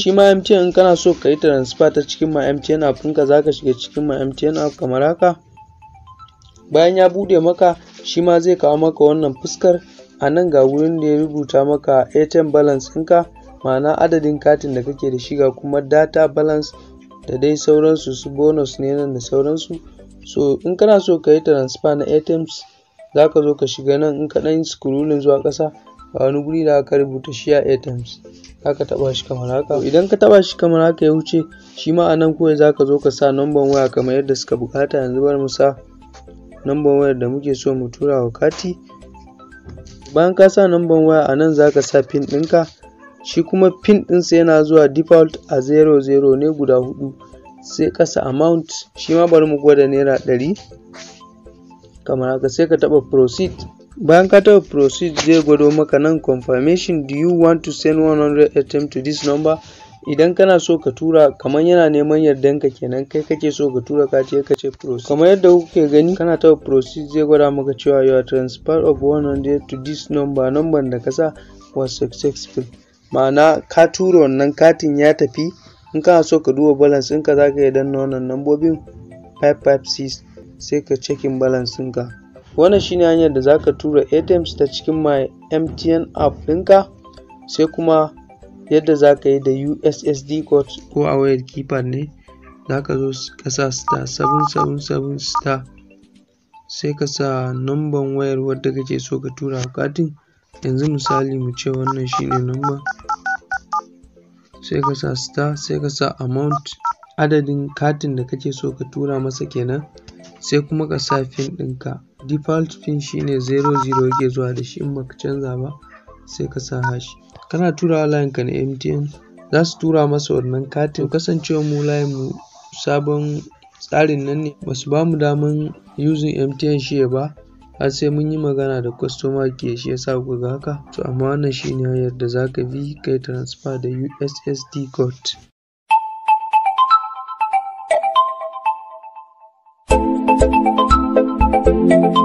shi ma MTN in kana so ka yi transfer ta cikin ma MTN app ɗinka za ka shiga cikin ma MTN app kamar haka bayan ya bude maka shi ma zai kawo maka wannan fuskar a nan ga wurin da ya rubuta maka ATM balance ɗinka ma'ana adadin katin da kake da shi ga kuma data balance da dai sauransu su bonus ne nan da sauransu so in kana so ka yi transfer na ATMs za ka zo ka shiga nan in ka ɗan scrolling zuwa ƙasa ga wani guri da aka rubuta shi a ATMs zaka taba shi kamar haka idan ka taba shi kamar haka ya wuce shi ma a nan kawai zaka zo ka sa number waya kamar yadda suka bukata yanzu bari mu sa number wayar da muke so mu tura wa kati bayan ka sa number waya a nan zaka sa pin ɗinka shi kuma pin ɗinsa yana zuwa default a 00 ne guda hudu sai kasa amount shi ma bari mu gwada naira 100 kamar haka sai ka taɓa proceed bayan ka taba proceed zai gwado maka nan confirmation do you want to send 100 attempt to this number idan kana so ka tura kamar yana neman yardan ka kenan kai kake so ka tura ka ce ka ce proceed kamar yadda kuke gani kana taba proceed zai gwada maka cewa you are transfer of 100 to this number number da ka sa was successful ma'ana ka tura wannan katin ya tafi in kana so ka duba balance ɗinka za ka yi danna wannan nambobin 556 sai ka cekin balance ɗinka wannan shine hanyar da za ka tura ATMs ta cikin my MTN app ɗinka sai kuma yadda zaka yi da USSD code ko a wayar keypad ne zaka zo ka sa star 777 star sai ka sa numban wayar wadda kake so ka tura katin yanzu misali mu ce wannan shine number sai ka sa star sai ka sa amount adadin katin da kake so ka tura masa kenan sai kuma ka sa pin ɗinka default pin shine 00 yake zuwa da shi in baka canza ba sai ka sa hash kana turawa layin ka na MTN za su tura masa wannan katin kasancewar mu layin mu sabon tsarin nan ne ba su bamu daman using MTN shi ba har sai mun yi magana da customer ke shi yasa sa ga haka to amma wannan shine hanyar da zaka bi kai transfer da USSD code 嗯。